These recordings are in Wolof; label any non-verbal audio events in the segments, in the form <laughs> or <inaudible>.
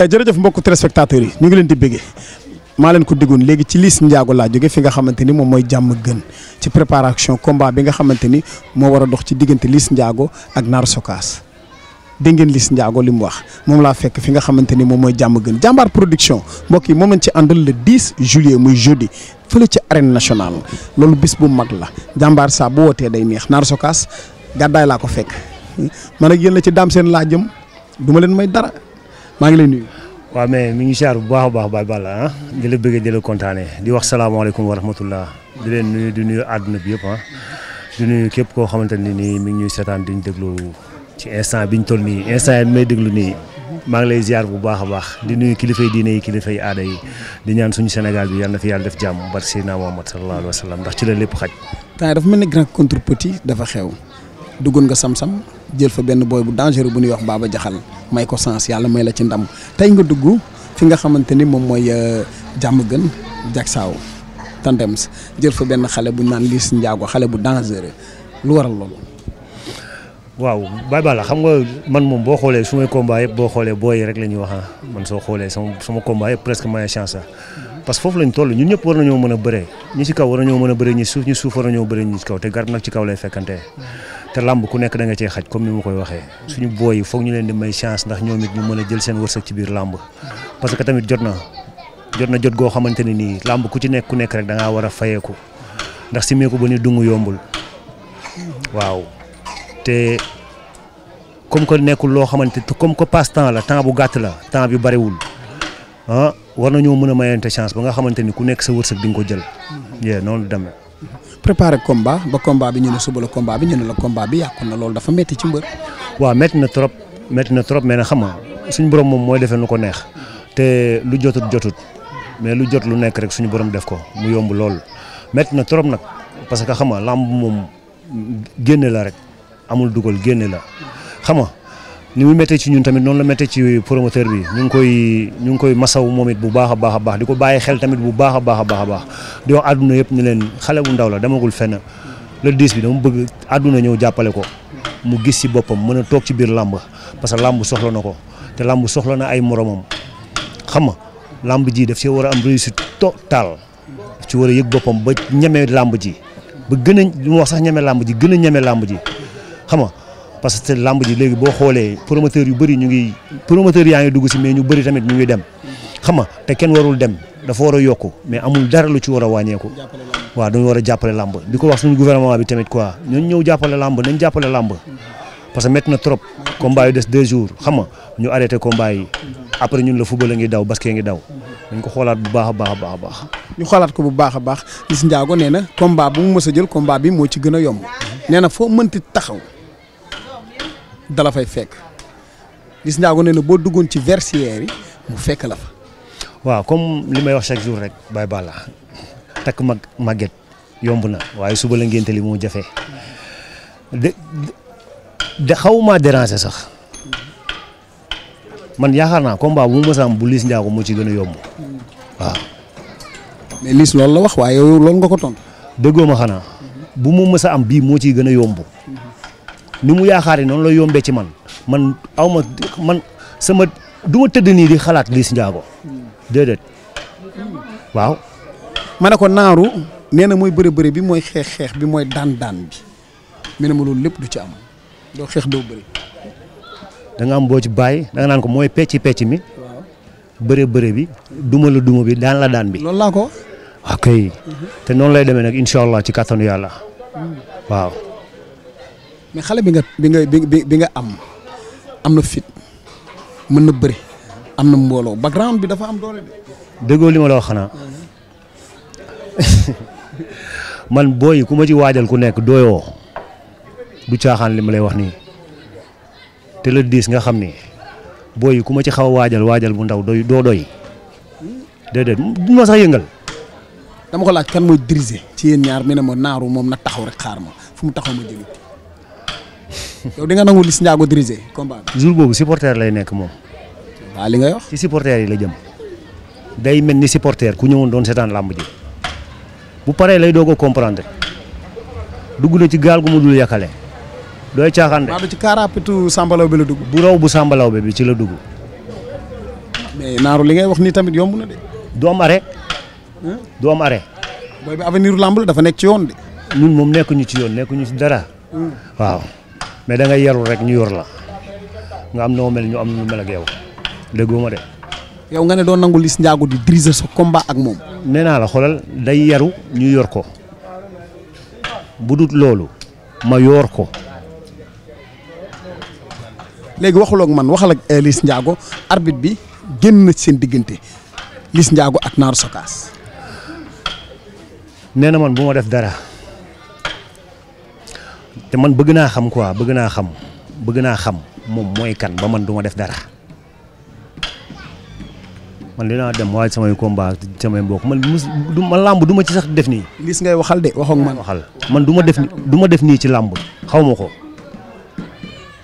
Eh, jërëjëf mbokk téléspectateurs yi ñu ngi leen di béggee maa leen ko diggoon léegi ci Liss Ndiago laa jóge fi nga xamante ni moom mooy jàmm gën ci préparation combat bi nga xamante ni moo war a dox ci diggante Liss Ndiago ak Naar Sokaas dégg ngeen Liss Ndiago li mu wax moom laa fekk fi nga xamante ni moom mooy jàmm gën jàmbaar production mbokk yi moom lañ ci àndal le 10 juillet muy jeudi fële ci arène nationale loolu bis bu mag la jàmbaar saa bu wootee day neex Naar Sokaas laa ko fekk hmm? man ak yéen la ci daam seen laa jëm du ma leen may dara. maa ngi lay nuyu. waaw mais mi ngi siyaar bu baax baax Baye Balla ah. la bëggee la kontaanee di wax salaamaaleykum wa rahmatullah di leen nuyu di nuyu àdduna bi yëpp ah di képp koo xamante ne nii mi ngi ñuy seetaan di déglu ci instant bi ñu toll nii instant may déglu nii maa ngi lay ziar bu baax a baax di nuyu kilifay diine yi kilifay aada di ñaan suñu Sénégal bi yal na fi yàlla def jàmm bar Seydina Muhammad sallallahu alayhi wa sallam ndax ci la lépp xaj. temps dafa mel ni grand contre petit dafa xew duggoon nga sam-sam jël fa benn booy bu dangereux bu ñuy wax baaba Jaxal may ko sens yàlla may la ci ndam tey nga dugg fi nga xamante ni moom mooy euh, jàmm gën jagsaaw tandems jël fa benn xale bu naan Liss njaago xale bu dangereux lu waral loolu. waaw Baye Balla xam nga man moom boo xoolee su may combat yëpp boo xoolee booy rek la ñuy wax ah. man soo xoolee sama sama combat yëpp presque may chance parce que foofu lañ toll ñun ñëpp war nañoo mën a bëree ñi ci kaw war nañoo mën a bëree ñi suuf kaw te garab nag ci kaw lay fekkantee te làmb ku nekk da nga cee xaj comme ni ma koy waxee suñu booy yi foog ñu leen di may chance ndax ñoom it ñu mën a jël seen wërsëg ci biir làmb parce que tamit jot na jot na jot goo xamante ne nii làmb ku ci nekk ku nekk rek da war a fayeeku ndax si meeku ba ni dungu yombul waaw te comme que nekkul loo xamante comme que passe temps temps bu gàtt la temps bi bariwul ah, war nañoo mën a mayante chance ba nga xamante ni ku nekk sa wërsëg di ko jël. yee noonu demee. préparer combat ba combat bi ñu ne suba la combat bi ñu ne la komba bi yàqu na loolu dafa métti ci mbër. waaw metti na trop métti na trop mais nag xam nga suñu borom moom mooy defee nu ko neex te lu jotut jotut mais lu jot lu nekk rek suñu borom def ko mu yomb lool métti na trop nag parce que xam nga làmb moom génne la rek amul dugal génne la xam nga ni mu méttee ci ñun tamit noonu la méttee ci promoteur bi ñu ngi koy ñu ngi koy masaw moom it bu baax a baax a baax di ko bàyyi xel tamit bu baax a baax a baax a baax di wax àdduna yëpp ñu leen xale bu ndaw la demagul fenn le 10 bi dama bëgg àdduna ñëw jàppale ko mu gis si boppam mën a toog ci biir làmb parce que làmb soxla na ko te làmb soxla na ay moromam xam nga làmb ji daf ci war a am réussite totale ci war a yëg boppam ba ñeme làmb ji ba gën a lu ma wax sax ñeme làmb ji gën a ñeme làmb ji xam nga parce que lamb ji léegi boo xoolee promoteur yu bëri ñu ngi promoteur yaa ngi dugg si mais ñu bëri tamit ñu ngi dem xam nga te kenn warul dem dafa war a yokk mais amul dara lu ci war a wàññeeku waaw dañu war a jàppale lamb di ko wax suñu gouvernement bi tamit quoi ñooñ ñëw jàppale lamb nañ jàppale lamb parce que métti na trop combat yu des jours xam nga ñu arrêté combat yi après ñun la football a ngi daw basket ngi daw dañ ko xoolaat bu baax a baax a baax ñu xoolaat ko bu baax a baax Liss Ndiago nee na combat bu mu a jël combat bi moo ci gën a yomb nee na foo mënti taxaw dala fay fekk gis naa ko ne boo duggoon ci versière yi mu fekk la fa. waaw comme li may wax chaque jour rek bay bala takk mag màgget yomb na waaye suba la ngénte li moo jafe de de xaw sax man yaakaar naa combat bu ma am moo ci gën a yomb waaw. mais Liss loolu la wax waaye yow loolu nga ko tontu. déggoo ma xanaa mhm. bu mu mës am bii moo ciy gën a yomb mhm. ni mu yaakaar noonu la yombee ci man man aw ma man sama du ma tëdd nii di xalaat Liss Ndiago déedéet waaw. ma ne ko naaru nee na mooy bëri bëri bi mooy xeex xeex bi mooy daan daan bi mu ma loolu lépp du ci am doo xeex doo bëri. am boo ci bàyyi da naan ko mooy pecc pecc mi. waaw bëri bi duma la duma bi daan la daan bi. loolu laa ko. ok te noonu lay demee nag incha ci kàttanu yàlla mm. waaw. mais xale bi nga bi nga bi nga am am na fit mën na bëri am na mbooloo background bi dafa am doole de. déggoo li ma la wax xanaa <laughs> man booy ku ma ci waajal ku nekk doyoo du caaxaan li ma lay wax nii te le diis nga xam ni booy ku ma ci xaw a waajal waajal bu ndaw doy doo doy déedéet du ma sax yëngal. dama ko laaj kan mooy diriger. ci yéen ñaar mi ne ma naaru moom na taxaw rek xaar ma fu mu taxaw ma jëli. yow di nga nangu Liss Ndiago diriger combat bi. jour boobu supporter lay nekk moom. waaw li nga wax. ci supporter yi la jëm. day mel ni supporter ku ñëwoon doon seetaan làmb ji bu paree lay doog a comprendre dugg na ci gaal gu mu dul yàqale. dooy caaxaan de. ci kaaraapitu sàmbalaw bi la dugg. bu raw bu sàmbalaw bi ci la dugg. mais naaru li ngay wax nii tamit yomb na de. du am arrêt. du am arrêt. booy bi avenir làmb la dafa nekk ci yoon de. ñun moom nekkuñu ci yoon nekkuñu ci dara. Hmm. waaw. mais da ngay yarul rek ñu yor la nga am noo mel ñu am lu mel ak yow déggoo ma de. yow nga ne doo nangu Liss Ndiago di diriger sa komba ak moom. nee naa la xoolal day yaru ñu yor ko bu loolu ma yor ko. léegi waxulook man waxal ak eh, Liss Ndiago arbitre bi génn na seen diggante Liss Ndiago ak Naar Sokaas. nee na man bu ma def dara. te man bëgg naa xam quoi bëgg naa xam bëgg naa xam moom mooy kan ba man duma def dara man li naa dem waaj samay combat samay mbook man mus du ma làmb du ci sax def nii. lis ngay waxal de waxoog man waxal man du def du def nii ci làmb xaw ma ko.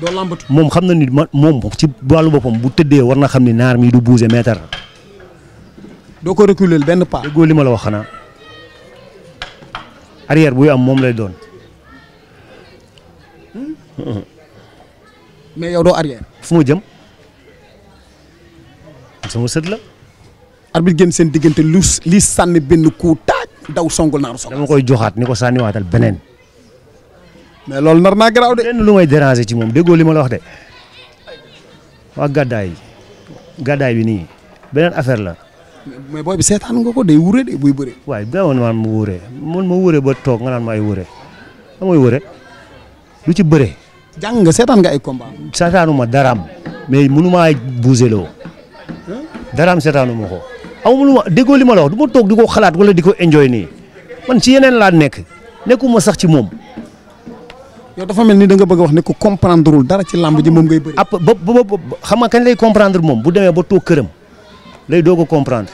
doo làmbatu moom xam na ni ma moom ci wàllu boppam bu tëddee war na xam ni naar mii du bouger mètre. doo ko reculer benn pas. déggoo li ma la wax xanaa arrière buy am moom lay doon. <laughs> mais yow doo arrière. fu ma jëm sama sët la. arbitre génn seen diggante lu li sànni benn coup taaj daw songul naaru soxla. dama koy joxaat ni ko sànniwaatal beneen. mais loolu nar naa garaaw de. lenn lu may déranger ci moom déggoo li ma la wax de waa gàddaay yi bi nii beneen affaire la. mais booy bi seetaan nga ko day wure de buy bëre. waaye daawoon na ma wure man ma wure ba toog nga naan ma ay wure lu ci bëre. jàng nga seetaan nga ay combat seetaanuma daraam mais mënumaa bougé loo daraam seetaanuma ko aw lu ma déggoo li ma la wax du ma toog di xalaat wala di ko enjoy nii man ci yeneen laa nekk nekkuma sax ci moom yow dafa mel ni da nga bëgg wax ne ko comprendre dara ci lamb ji moom ngay bëri. app ba ba xam nga kañ lay comprendre moom bu demee ba toog këram lay doog a comprendre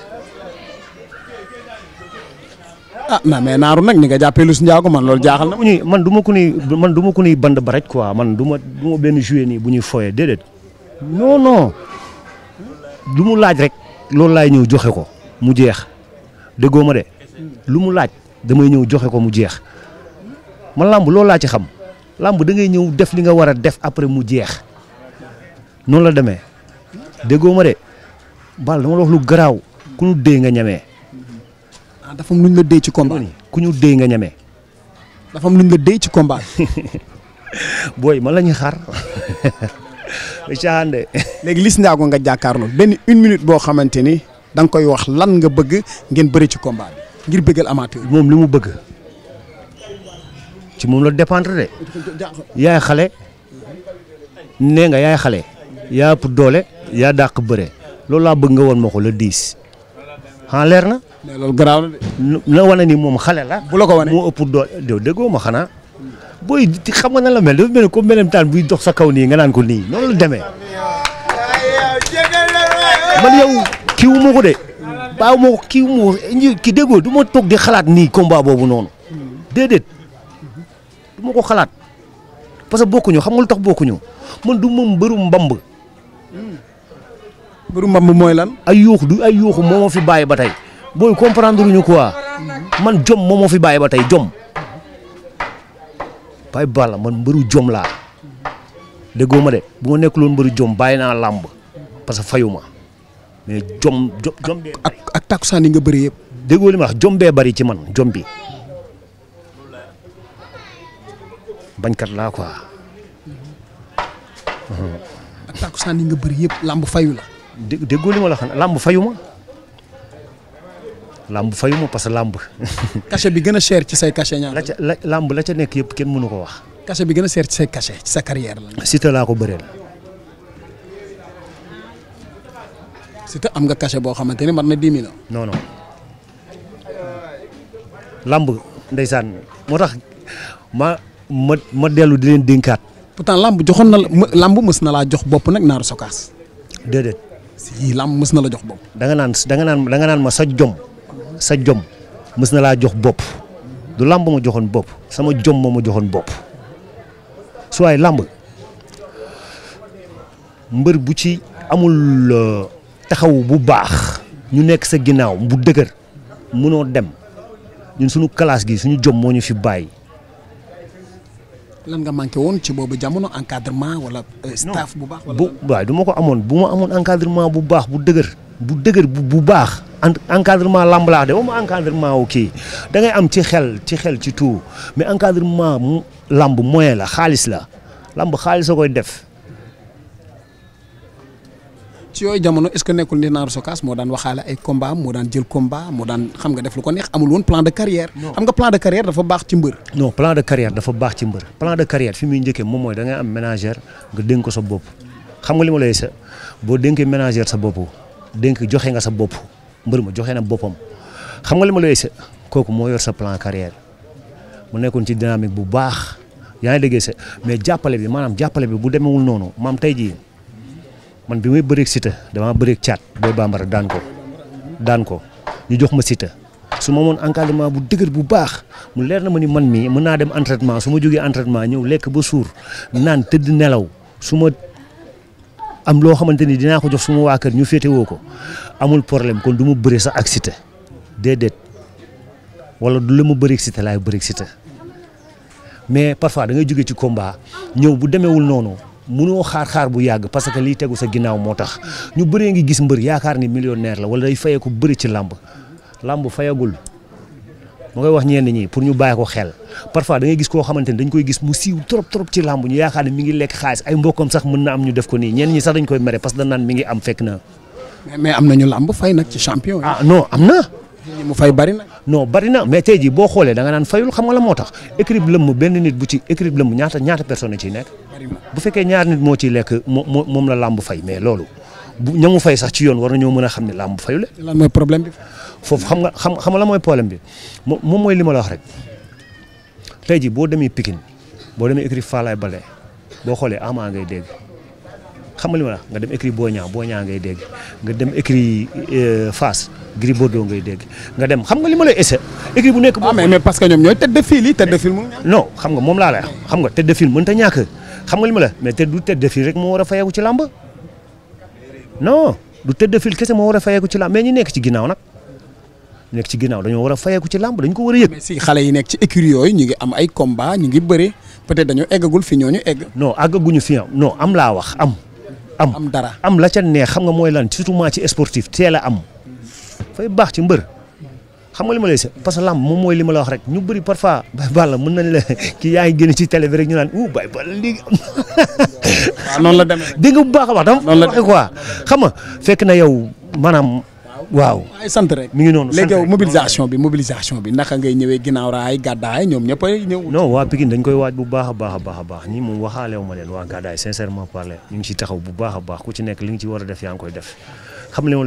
ah na mais naaru nag ni nga jàppee Liss Ndiago man loolu jaaxal na. man du ma ko man duma ma ko ni band ba rek man du benn joué nii bu ñu foyee déedéet non lu mu laaj rek loolu laay ñëw joxe ko mu jeex dëggoo ma de lu mu laaj damay ñëw joxe ko mu jeex man làmb loolu laa ci xam làmb da ngay ñëw def li nga war a def après mu jeex noonu la demee déggoo ma de bal dama la lu garaaw ku nu nga ñamee. ah dafa am lu ñu la dee ci combat ku ñu dee nga ñeme. dafa lu ñu la dee ci combat <laughs> booy ma la ñuy xaar. <laughs> caande léegi Liss Ndiago nga jàkkaarloo benn une minute boo xamante ni danga koy wax lan nga bëgg ngeen bëri ci combat ngir bëggal amateur moom li mu bëgg ci moom la dépendre de yaay xale nee nga yaay xale yaa ëpp doole yaa dàq bëre loolu laa bëgg nga woon ma ko la 10 ah leer na. mais loolu na de. ni moom xale la. bu la ko wane moo ëpp doole déggoo ma xanaa. booy xam nga nan la mel dafa mel ni buy dox sa kaw nii nga naan ko nii noonu la demee. man yow kii wu ma ko de. baaw kii wu ki déggoo du ma toog di xalaat nii combat boobu noonu. déedéet du ma ko xalaat parce que bokkuñu xam nga lu tax bokkuñu man du ma mbëru mbamb. bu mbamb mooy lan. ay yooxu du ay yooxu moo ma fi bàyyi ba tey booy comprendre ñu quoi man jom moo ma fi bàyyi ba tey jom bay bala man mbaru jom laa déggoo ma de bu ma nekkuloon mbëru jom bàyyi naa làmb parce que fayu ma mais jom jom ak ak takusaan nga bëri yëpp. déggoo li ma bari ci man jom bi laa quoi. ak takusaan yi nga bëri yëpp làmb fayu dé déggoo li ma la xam làmb fayuma làmb fayuma parce que lamb <laughs> cachet bi gën a cher ci say cachet ñaar la ca la làmb la ca nekk yëpp kenn mënu ko wax. cachet bi gën a cher ci say cachet ci sa carrière la. Siteu laa ko bëreel. Siteu am nga cachet boo xamante ne man na 10 millions. non non làmb moo tax ma ma ma dellu di leen dénkaat. pourtant làmb joxoon na la lamb mës na laa jox bopp nag naaru sokaas. déedéet. si làmb mës na la jox bopp. danga naan da nga naan da nga naan ma sa jom sa jom mës na laa jox bopp du làmb ma joxoon bopp sama jom moo joxoon bopp su waay làmb mbër bu ci amul euh, taxaw bu baax ñu nekk sa ginnaaw bu dëgër mënoo dem ñun sunu classe gi suñu jom moo ñu fi bàyyi. lan nga manqué woon ci boobu jamono encadrement wala. Euh, staff bu baax wala bu waaw du ko amoon bu ma amoon encadrement bu baax bu dëgër. bu dëgër bu bu baax encadrement lamb laax de ba mu encadrement wu kii da ngay am ci xel ci xel ci tout mais encadrement mu làmb moyen la xaalis la lamb xaalis a koy def. ci yooyu jamono est ce que nekkul ni Naar Sokaas moo daan waxaale ay combat moo daan jël combat moo daan xam nga def lu ko neex amul woon plan de carrière xam nga plan de carrière dafa baax ci mbër non plan de carrière dafa baax ci mbër plan de carrière fi muy njëkkee moom mooy da am ménagère nga dénk ko sa bopp xam nga li ma lay sa boo dénkee ménagère sa bopp dénk joxe nga sa bopp mbër ma joxe na boppam xam nga li ma lay sa kooku moo yor sa plan carrière mu nekkoon ci dynamique bu baax yaa ngi déggee sa mais jàppale bi maanaam jàppale bi bu demewul noonu maam tey jii man bi may bëreeg Siteu damaa bëreeg caat booy bambara daan ko ko ñu jox ma Siteu su ma moon encadrement bu dëgër bu baax mu leer na ma ni man mii mën naa dem entraînement su ma jógee entraînement ñëw lekk ba suur naan tëdd nelaw su ma am loo xamante ni dinaa ko jox suma waa kër ñu féetewoo ko amul problème kon du mu bëre sax ak Siteu déedéet wala du la mu bëreeg Siteu laay bëreeg Siteu mais parfois da ngay jóge ci combat ñëw bu demeewul noonu. mënoo xaar xaar bu yàgg parce que lii tegu sa ginnaaw moo tax ñu bëree ngi gis mbër yaakaar ni millionnaire la wala day fayee ko bëri ci làmb làmb fayagul mu ngay wax ñenn ñi pour ñu baay ko xel parfois da gis koo xamante ni dañ koy gis mu siiw trop trop ci làmb ñu yaakaar ne mi ngi lekk xaalis ay mbokkam sax mën na am ñu def ko nii ñenn ñi sax dañ koy mere parce que dañ naan ngi am fekk na. mais am nañu làmb fay nag ci champion. ah non am na. mu fay bari na. non bari na mais tey jii boo xoolee da nga naan fayul xam nga la moo tax équipe lëmm benn nit bu ci équipe lëmm ñaata ñaata personne ciy nekk. bu fekkee ñaar nit moo ciy lekk moo moom la làmb fay mais loolu bu mu fay sax ci yoon war nañoo mën a xam ne làmb fayule. lan mooy problème bi. foofu xam nga xam xam nga la mooy problème bi moom mooy li ma la wax rek tey jii boo demee Pikine boo demee équipe Fallaye bale boo xoolee Ama ngay dégg xam nga li ma la nga dem équipe Boña Boña ngay dégg nga dem écrit euh, Fass Gris doo ngay dégg nga dem xam nga li ma lay essayer écrit bu nekk. Ah, mais mais parce que ñoom ñooy tête de file yi tête de file mu. moom laa lay xam nga tête de file mënut a ñàkk xam nga li ma la mais tête du tête de rek moo war a fayeeku ci làmb non du tête de file kese moo war a fayeeku ci làmb mais nekk ci ginnaaw nag. nekk ci ginnaaw dañoo war a fayeeku ci làmb dañ ko war a yëg. si xale yi nekk ci écurie yooyu ñu ngi am ay combat ñu ngi bëri peut-être dañoo eggagul fi ñooñu egg. non àggaguñu fi non am laa wax am am am dara am la ca neex xam nga mooy lan surtout maa ci sportif teel a am. fay baax ci mbër. xam nga li ma lay se parce que làmb moom mooy li la wax rek ñu bëri parfois <laughs> Baye Balla mën nañ la <laughs> kii yaa ngi génn ci télé bi rek ñu naan ouh Baye Balla léegi am <laughs> la demee dégg nga bu baax a wax. noonu la dama waxee quoi fekk na yow maanaam. waaw ay sant rek noonu sant léegi mobilisation bi mobilisation bi naka ngay ñëwee ginnaaw raay gàddaay ñoom ñëpp ay ñëw non waa Pikine dañ koy waaj bu baax a baax a baax a baax ñi moom waxaaleew ma leen waa gàddaay sincèrement parler ñu ci taxaw bu baax a baax ku ci nekk li nga ci war a def yaa ngi koy def xam li ma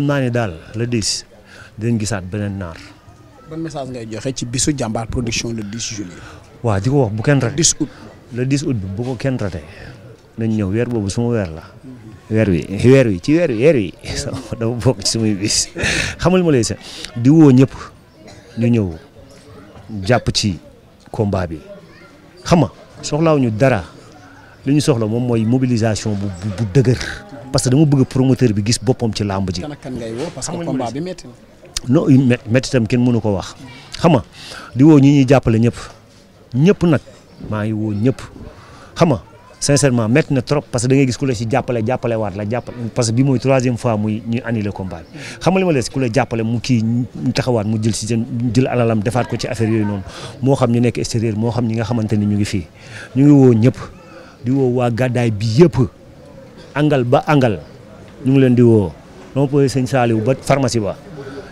naa ne daal la 10 dinañ gisaat beneen naar ban message ngay joxe ci bisu jàmbaar production le 10 juillet. waaw di ko wax bu kenn rate. 10 août le 10 ko kenn rate nañ ñëw weer boobu suma weer la weer wi weer wi ci weer wi weer wi <laughs> dafa bokk ci sumuy bis xamal ma lay sax di woo ñëpp ñu ñëw jàpp ci combat bi xam nga soxlaaw ñu dara li ñu soxla moom mooy mobilisation bu bu dëgër parce que dama bëgg promoteur bi gis boppam ci làmb ji. kan ngay woo parce que combat bi métti na. non métti itam kenn mënu ko wax xam nga di woo ñi ñuy jàppale ñëpp ñëpp nag maa ngi woo ñëpp xam nga sincèrement métti na trop parce que da ngay gis ku la si jàppale jàppale waat la jàppale parce que bi mooy troisième fois muy ñuy annulé combat bi ma lees ku la jàppale mu kii ñu taxawaat mu jël si seen jël alalam defaat ko ci affaire yooyu noonu moo xam ñu nekk extérieur moo xam ñi nga xamante ni ñu ngi fii ñu ngi woo ñëpp di woo waa gàddaay bi yëpp angal ba angal ñu ngi leen di woo nompoye sëñ Saaliw ba pharmacie ba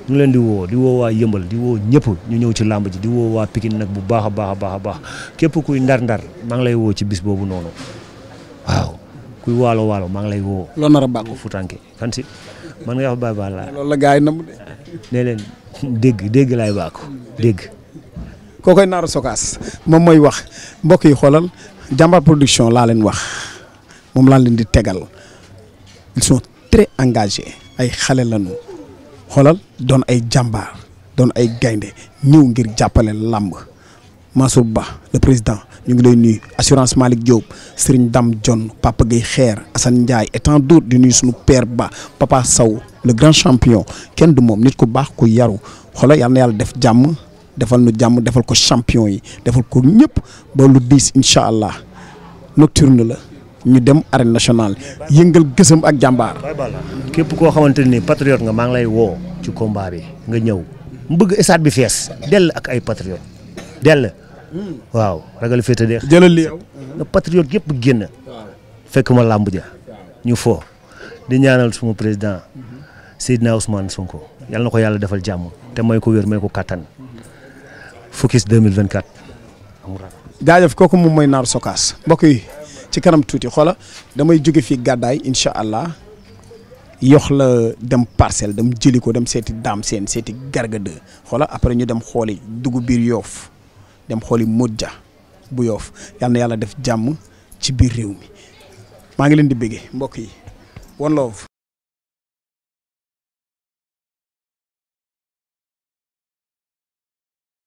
ñu ngi leen di woo di woo waa yëmbal di woo ñëpp ñu ñëw ci làmb ji di woo waa nag bu baax baax a baax a baax képp kuy ndar-ndar maa ngi lay woo ci bis boobu noonu waaw kuy waalo waalo maa ngi lay woo. loo nar a bàq fu tànke fan si man nga wax Baye Ba laa. loolu la gars yi nam de. ne dégg lay laay bàq dégg. koo koy naaru sokaas moom mooy wax mbokk yi xoolal jàmbaar production laa leen wax moom laa leen di tegal ils sont très engagés ay xale la lañu xoolal doon ay jàmbaar doon ay gaynde ñëw ngir jàppale làmb Mansour Ba le président ñu ngi lay nuyu assurance Malick Diop Serigne Dame John Papa Xeer Assane Ndiaye et tant d'autres di nuyu suñu père Ba Papa Sow le grand champion kenn du moom nit ku baax ku yaru xoolal yal na yàlla def jàmm defal nu jàmm defal ko champion yi defal ko ñëpp ba lu diis incha allah nocturne la ñu dem arène nationale yëngal gësam ak jàmbaar. képp koo xamante ni patriote nga maa ngi lay woo ci kombaar bi nga ñëw mu bëgg stade bi fees dell ak ay patriote dell. Mm. waaw ragal féete deex jëlal li yow na mm-hmm. patriote yëpp génn fekk ma làmb ja ñu foo di ñaanal suma président mm-hmm. Seydina Ousmane Sonko yàlla na ko yàlla defal jàmm te may ko wér may ko kattan mm-hmm. focus 2024 amul ragal jaajëf kooku moom mooy Naar Sokaas mbokk yi ci kanam tuuti xoola damay jóge fii gàddaay incha allah yox la dem parcelle dam jëli ko dem seeti daam seen seeti garga deux xoola après ñu dem xooli dugub biir yoof dem xooli Modja bu yoof yal yàlla def jàmm ci biir réew mi maa ngi leen di bëggee mbokk yi one love